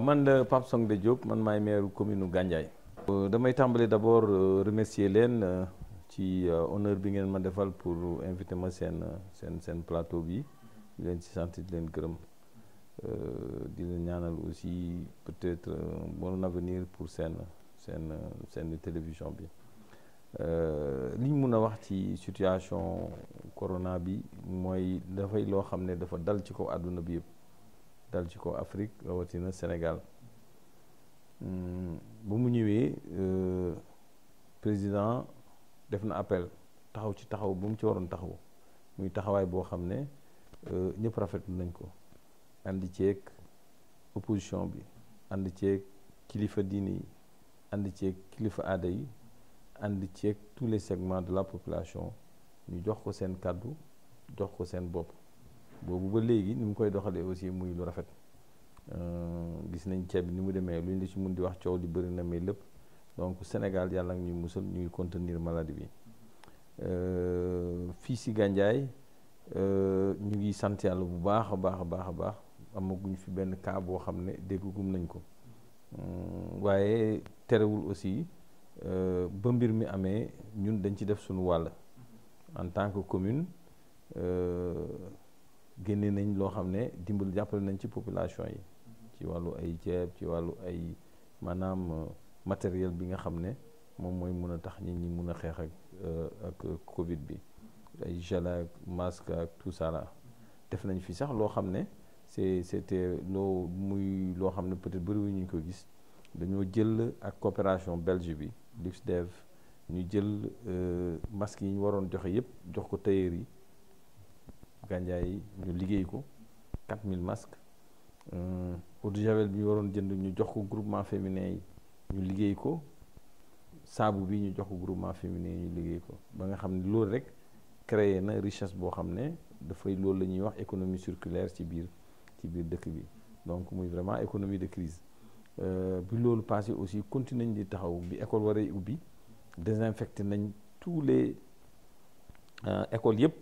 man la Pape Songde Diop man maay maire commune Gandiaye euh, damay tàmbali d' abord euh, remercier leen euh, ci honneur bi ngeen ma defal pour invité ma seen seen seen plateau bi leen ci sant di leen gërëm di leen ñaanal aussi peut-être bon avenir pour seen seen seen télévision bi li ñu mun a wax ci situation corona bi mooy dafay loo xam ne dafa dal ci ko àdduna bi yëpp dal ci ko Afrique na Sénégal hmm, ba mu ñëwee euh, président def na appel taxaw ci taxaw bu mu ci waroon taxaw muy taxawaay boo xam ne euh, ñëpp rafetlu nañ ko ànd ceeg opposition bi ànd ceeg kilifa diine yi ànd ceeg kilifa aada yi ànd ceeg tous les segments de la population ñu jox ko seen kàddu jox ko seen bopp boobu ba léegi ni mu koy doxalee aussi muy lu rafet euh, gis nañ ceeb bi ni mu demee lu ñu la ci mun di wax coow li bëri na mais lépp donc Sénégal yàlla ñuy musal ñu ngi contenir maladie bi euh, fii si Gandiaye euh, ñu ngi sant yàlla bu baax a baax a baax a baax amaguñ fi benn kaab boo xam ne déggugum nañ ko hmm, waaye terewul aussi ba mbir mi amee ñun dañ ci def suñu wàll en tant que commune. génne nañ loo xam ne dimbal jàppale nañ ci population yi ci wàllu ay ceeb ci wàllu ay maanaam euh, matériel bi nga xam ne moom mooy mun a tax nit ñi mun a xeex ak euh, ak euh, Covid bi ay gel ak masque ak tout ça def nañ fi sax loo xam ne c'est c'était loo muy loo xam ne peut-être bëri ñu ko gis dañoo jël ak coopération belge bi LuxDev ñu jël masques yi ñu waroon joxe yëpp jox ko tailleur yi gànjaay yi ñu liggéey ko 4000 masques euh, eau de javel bi ñu waroon jënd ñu jox ko groupement féminin yi ñu liggéey ko saabu bi ñu jox ko groupement féminin yi ñu liggéey ko ba nga xam ne loolu rek créer na richesse boo xam ne dafay loolu la ñuy wax économie circulaire ci biir ci biir dëkk bi donc muy vraiment économie de crise euh, bi loolu passé aussi continué nañ di taxaw bi école waree ubbi désinfecté nañ tous les euh, écoles yëpp.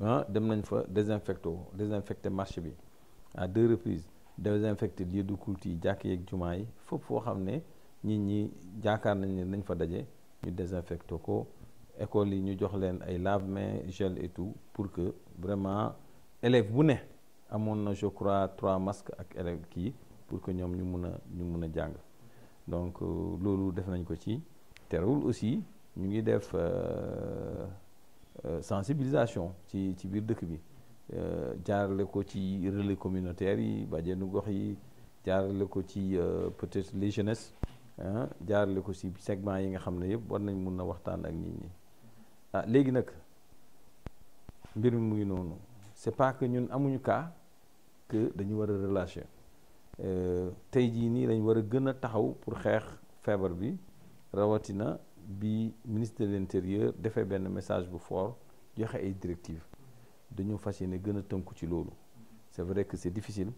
ah dem nañ fa désinfecté désinfecté marché bi à deux reprises désinfecté lieu de culte yi jàkk yeeg jumaa yi fépp foo xam ne nit ñi jaakaar nañ ne nañ fa daje ñu désinfecté ko école yi ñu jox leen ay lave-mains gel et pour que vraiment élève bu ne amoon na je crois trois masques ak élève kii pour que ñoom ñu mun a ñu mun a jàng donc euh, loolu def nañ ko ci terewul aussi ñu ngi def. Euh, Euh, sensibilisation ci ci biir dëkk bi euh, jaarale ko ci relais communautaire yi bàjjenu gox yi jaarale ko ci euh, peut-être les jeunesses jaarale ko ci segment yi nga xam ne yëpp war nañ mun a waxtaan ak nit ñi ah léegi nag mbir mi mu ngi noonu c'est pas que ñun amuñu cas que dañu war a relâcher tey jii nii dañ war a gën a taxaw pour xeex feebar bi rawatina bi ministre de l'intérieur defee benn message bu fort joxe ay directives dañoo fas yéene gën a tënku ci loolu c'est vrai que c'est difficile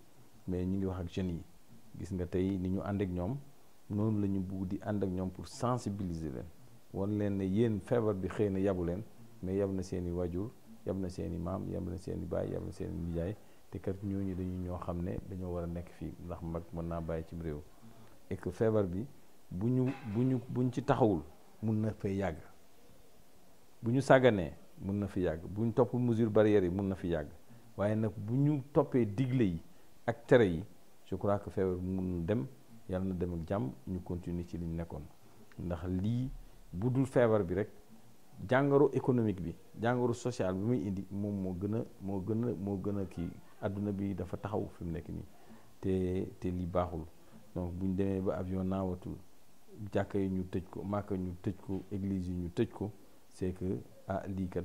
mais ñu ngi wax ak jeunes yi gis nga tey ni ñu ànd ak ñoom noonu la ñu bugg di ànd ak ñoom pour sensibiliser leen wan leen ne yéen feebar bi xëy na yabu leen mais yab na seen i waajur yab na seeni maam yab na seen i baay yab na seen i nijaay te kat ñooñu dañu ñoo xam ne dañoo war a nekk fii ndax mag mën naa bàyyi ci réew et que feebar bi bu ñu bu ñu buñ ci taxawul mun na fay yàgg bu ñu sàgganee mun na fi yàgg bu ñu topp mesure barrière yi mun na fi yàgg waaye nag bu ñu toppee digle yi ak tere yi je crois que feebar mun dem yàlla na dem ak jàmm ñu continuer ci liñ nekkoon ndax lii bu dul feebar bi rek jàngoro économique bi jàngoro social bi muy indi moom moo gën a moo gën a moo gën a kii àdduna bi dafa taxaw fi mu nekk nii te te lii baaxul donc buñ demee ba avion naawatul. jàkka yi ñu tëj ko màkka ñu tëj ko église yi ñu tëj ko c'est que ah lii kat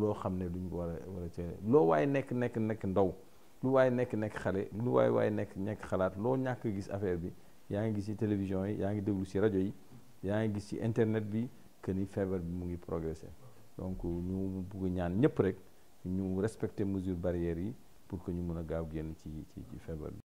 loo xam ne duñ ko war a war loo waaye nekk nekk nekk ndaw lu waaye nekk nekk xale lu waaye waaye nekk nekk xalaat loo ñàkk gis affaire bi yaa ngi gis ci télévision yi yaa ngi déglu ci rajo yi yaa ngi gis ci internet bi que ni feebar bi mu ngi progresser donc ñu bugg ñaan ñëpp rek ñu respecter mesures barrières yi pour que ñu mën a gaaw génn ci ci ci feebar bi